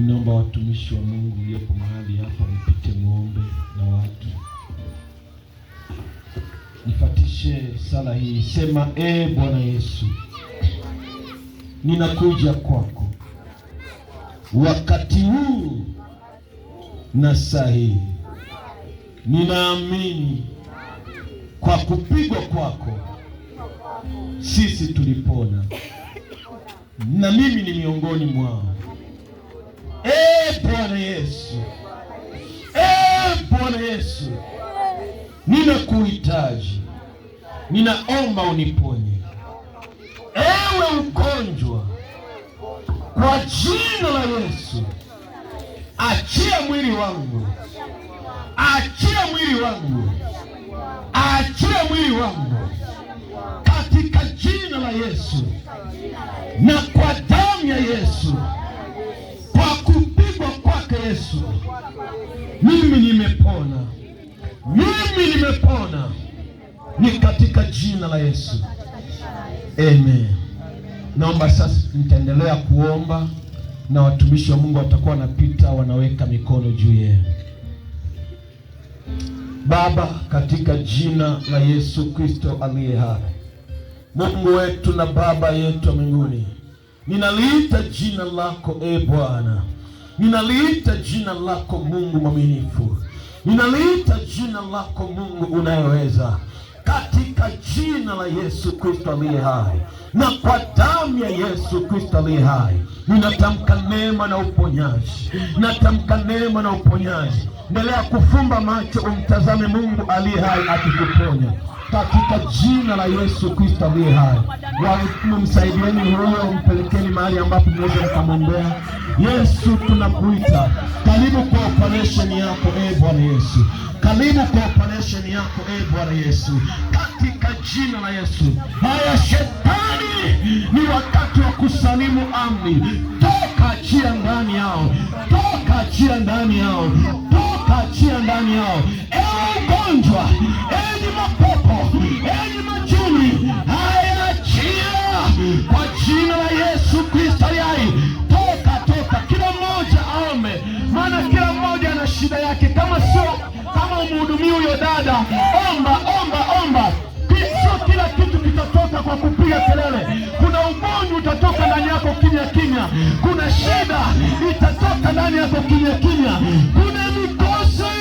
Ninaomba watumishi wa Mungu mlioko mahali hapa mpite muombe na watu, nifatishe sala hii. Sema, e Bwana Yesu, ninakuja kwako wakati huu na saa hii, ninaamini kwa kupigwa kwako sisi tulipona, na mimi ni miongoni mwao Bwana Yesu, eh, Bwana Yesu, ninakuhitaji, ninaomba uniponye, ewe mgonjwa, kwa jina la Yesu. Achia mwili wangu, achia mwili wangu, achia mwili wangu katika jina la Yesu na kwa mimi nimepona, mimi nimepona, ni katika jina la Yesu, amen. Naomba sasa, nitaendelea kuomba na watumishi wa Mungu watakuwa wanapita wanaweka mikono juu yenu. Baba, katika jina la Yesu Kristo aliye hai, Mungu wetu na Baba yetu wa mbinguni, ninaliita jina lako e Bwana Ninaliita jina lako Mungu mwaminifu, ninaliita jina lako Mungu unayeweza, katika jina la Yesu Kristo aliye hai na kwa damu ya Yesu Kristo aliye hai, ninatamka neema na uponyaji, natamka neema na uponyaji. Endelea kufumba macho umtazame Mungu aliye hai akikuponya katika jina la Yesu Kristo aliye hai. Walimu, msaidieni huyo, mpelekeni mahali ambapo mnaweza mkamwombea. Yesu tunakuita, karibu kwa operation yako e Bwana Yesu, karibu kwa operation yako e Bwana Yesu, katika jina la Yesu. Haya shetani, ni wakati wa kusalimu amri. Toka achia ndani yao, toka achia ndani yao, toka achia ndani yao, ewe ugonjwa, enyi ee mapopo, enyi majini, haya achia kwa jina la Yesu. kuna shida itatoka ndani yako kimya kimya, kuna mikosi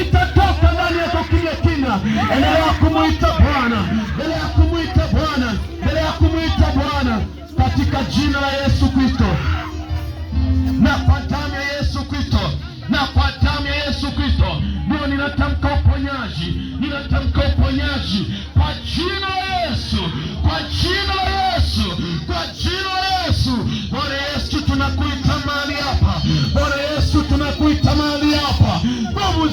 itatoka ndani yako kimya kimya. Endelea kumwita Bwana, endelea kumwita Bwana, endelea kumwita Bwana katika jina la Yesu Kristo na kwa damu ya Yesu Kristo na kwa damu ya Yesu Kristo, ndio ninatamka uponyaji, ninatamka uponyaji kwa jina la Yesu, kwa jina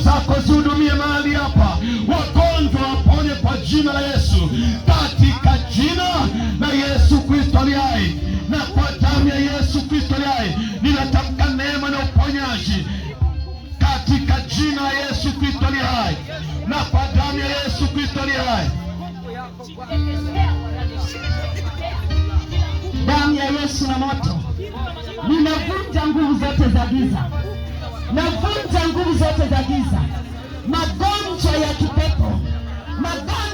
zako zihudumie mahali hapa, wagonjwa wapone kwa jina la Yesu, katika jina la Yesu Kristo aliye hai na kwa damu ya Yesu Kristo aliye hai, ninatamka neema na uponyaji katika jina la Yesu Kristo aliye hai na kwa damu ya Yesu Kristo aliye hai. Damu ya Yesu na moto, ninavuta nguvu zote za giza navunja nguvu zote za giza, magonjwa ya kipepo, magonjwa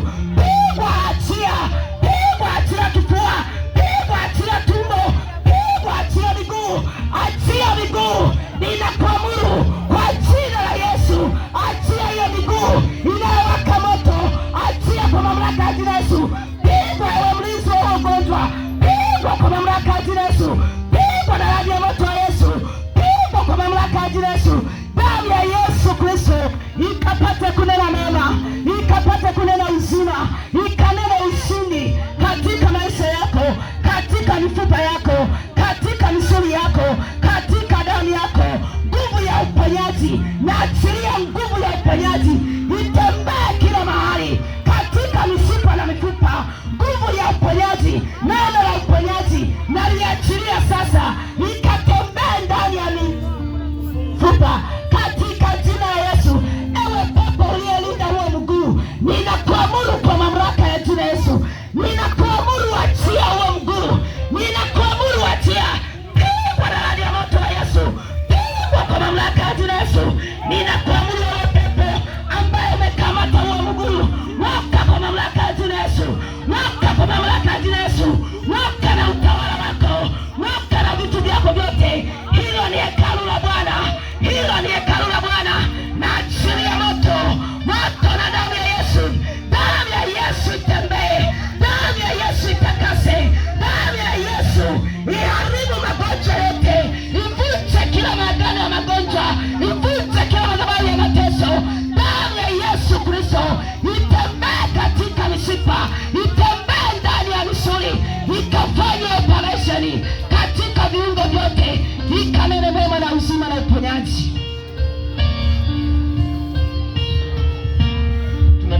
Yesu. Pigwa achia, pigwa achia kifua, pigwa achia tumbo, pigwa achia miguu, achia miguu. Ninakuamuru kwa jina la Yesu, achia hiyo miguu inayowaka moto, achia kwa mamlaka ya jina Yesu. Pigwa ewe mlinzi wa ugonjwa, pigwa kwa mamlaka ya jina Yesu, pigwa na radi ya moto wa Yesu, pigwa kwa mamlaka ya jina Yesu. Damu ya Yesu Kristo ikapate kunena mema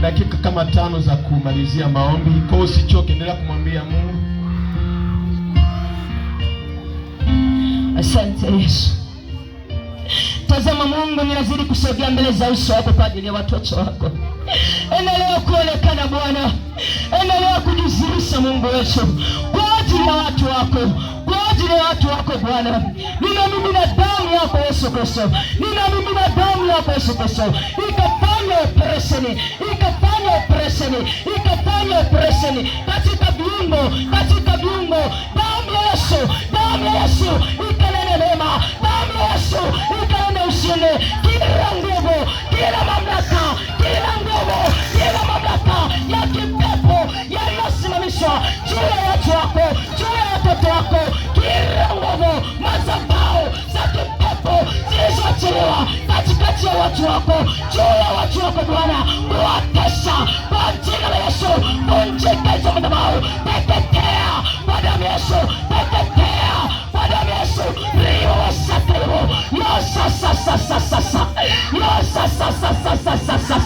dakika kama tano za kumalizia maombi, kwa hiyo usichoke, endelea kumwambia Mungu. Asante Yesu. Tazama Mungu, ninazidi kusogea mbele za uso wako kwa ajili ya watoto wako. Endelea kuonekana Bwana, endelea kujizirisha Mungu Yesu kwa ajili ya watu wako, kwa ajili ya watu wako Bwana. Ninamimina damu yako Yesu Kristo, ninamimina damu yako Yesu Kristo ikafanya operesheni, ikafanya operesheni, ikafanya operesheni katika viungo, katika viungo. Damu ya Yesu, damu ya Yesu ikanene neema, damu ya Yesu ikanene ushindi, kila nguvu, kila mamlaka, kila nguvu, kila mamlaka ya kipepo yaliyosimamishwa juu ya watu wako, juu ya watoto wako, kila nguvu, madhabahu za kipepo zilizoachiliwa katikati ya watu wako, juu ya watu wako Bwana, watesa kwa jina la Yesu, vunjika hizo madhabahu, teketea kwa damu Yesu, teketea kwa damu Yesu, riwa wasaka leo yo sasa sasa sasa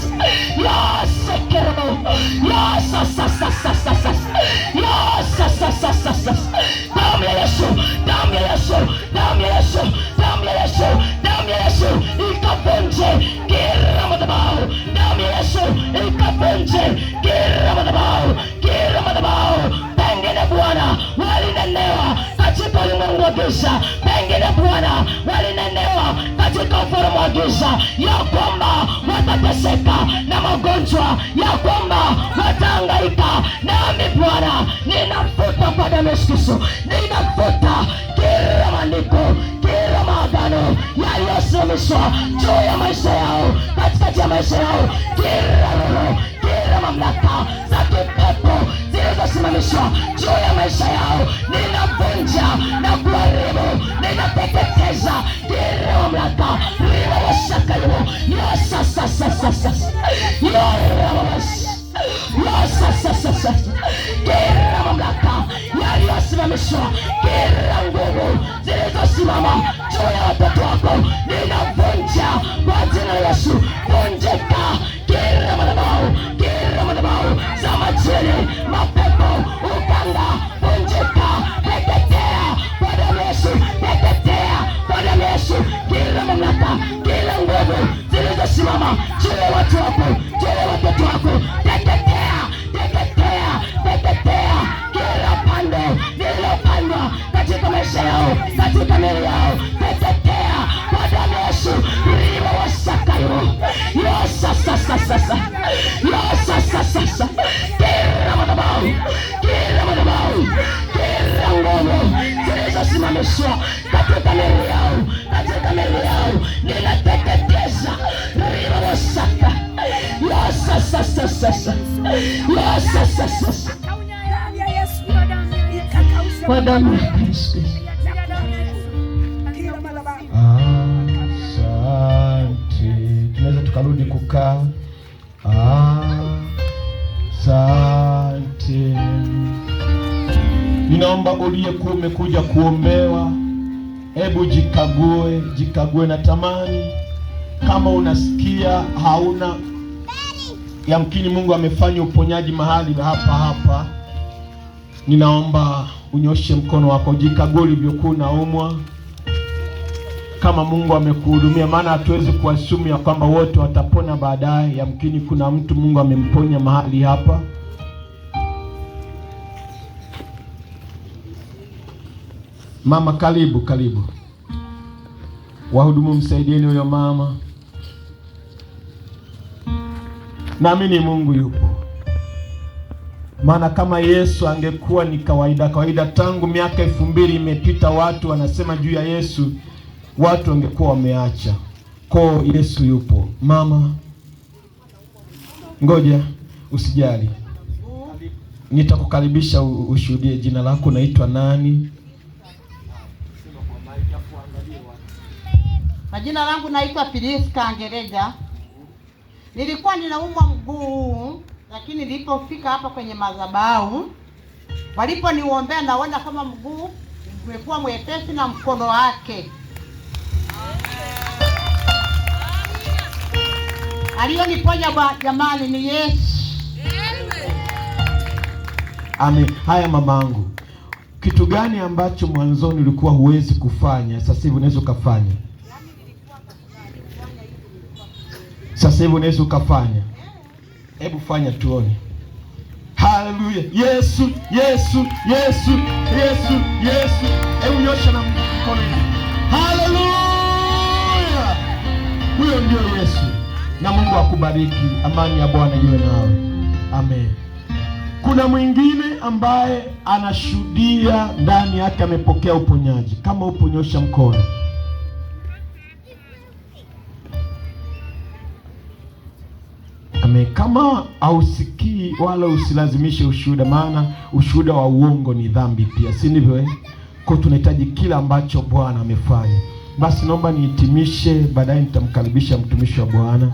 damu ya Yesu, damu ya Yesu, damu ya Yesu, damu ya Yesu, damu ya Yesu ikaponje kila madhabahu, damu ya Yesu ikaponje kila madhabahu, kila madhabahu pengine Bwana walinenewa katika ulimwengu wa giza, pengine Bwana walinenewa katika ufalume wa giza, ya kwamba watateseka na magonjwa, ya kwamba watahangaika. Nami Bwana ninafuta kwa damu ya Yesu, ninafuta kila maandiko, kila maagano aliyosimamishwa juu ya maisha yao, katikati ya maisha yao, kila roho, kila mamlaka za kipepo zilizosimamishwa juu ya maisha yao, ninavunja na kuharibu, ninateketeza kila mamlaka lilowashakaliwo yosasasasasas uliosimamishwa, kila nguvu zilizosimama juu ya watoto wako ninavunja kwa jina la Yesu. sasa sasa, sasa sasa, kila madhabahu, kila madhabahu, kila nguvu zilizosimamishwa katika mili yao, katika mili yao, ninateketeza riba wasaka na sasa sasa, na sasa sasa, kwa damu ya Kristo. Asante, tunaweza tukarudi kukaa. Asante. Ninaomba uliyekuwa umekuja kuombewa, hebu jikague, jikague. tamani kama unasikia hauna, yamkini Mungu amefanya uponyaji mahali hapa hapa. Ninaomba unyoshe mkono wako, jikague ulivyokuwa unaumwa kama Mungu amekuhudumia, maana hatuwezi kuasumu ya kwamba wote watapona baadaye. Yamkini kuna mtu Mungu amemponya mahali hapa. Mama, karibu karibu. Wahudumu, msaidieni huyo mama. Naamini Mungu yupo, maana kama Yesu angekuwa ni kawaida kawaida, tangu miaka elfu mbili imepita watu wanasema juu ya Yesu watu wangekuwa wameacha koo. Yesu yupo mama, ngoja usijali, nitakukaribisha ushuhudie. Jina lako naitwa nani? Jina langu naitwa Priska Ngereja. Nilikuwa ninaumwa mguu, lakini nilipofika hapa kwenye madhabahu waliponiombea, naona kama mguu umekuwa mwepesi na mkono wake aliyoniponya jamani ni Yesu. Amen. Haya mamangu, kitu gani ambacho mwanzoni ulikuwa huwezi kufanya, sasa hivi unaweza ukafanya? Sasa hivi unaweza ukafanya. Hebu fanya tuone. Haleluya! Yesu, Yesu, Yesu, Yesu, Yesu. Hebu nyosha na mkono. Haleluya! Huyo ndio Yesu na Mungu akubariki. Amani ya Bwana iwe nawe, amen. Kuna mwingine ambaye anashuhudia ndani yake amepokea uponyaji. Kama uponyosha mkono Kama hausikii wala usilazimishe ushuhuda, maana ushuhuda wa uongo ni dhambi pia, si ndivyo eh? Kwa tunahitaji kila ambacho Bwana amefanya. Basi naomba nihitimishe, baadaye nitamkaribisha mtumishi wa Bwana.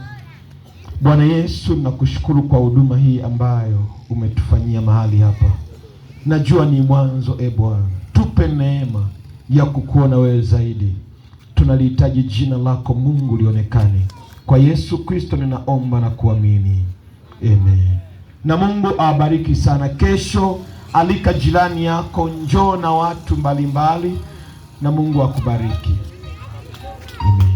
Bwana Yesu, nakushukuru kwa huduma hii ambayo umetufanyia mahali hapa. Najua ni mwanzo, e Bwana, tupe neema ya kukuona wewe zaidi. Tunalihitaji jina lako Mungu lionekane. Kwa Yesu Kristo ninaomba na kuamini, amen. Na Mungu awabariki sana. Kesho alika jirani yako, njoo na watu mbalimbali mbali, na Mungu akubariki. Bye.